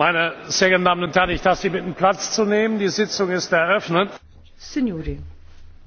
meine sehr geehrten damen und herren ich darf sie bitten platz zu nehmen. die sitzung ist eröffnet.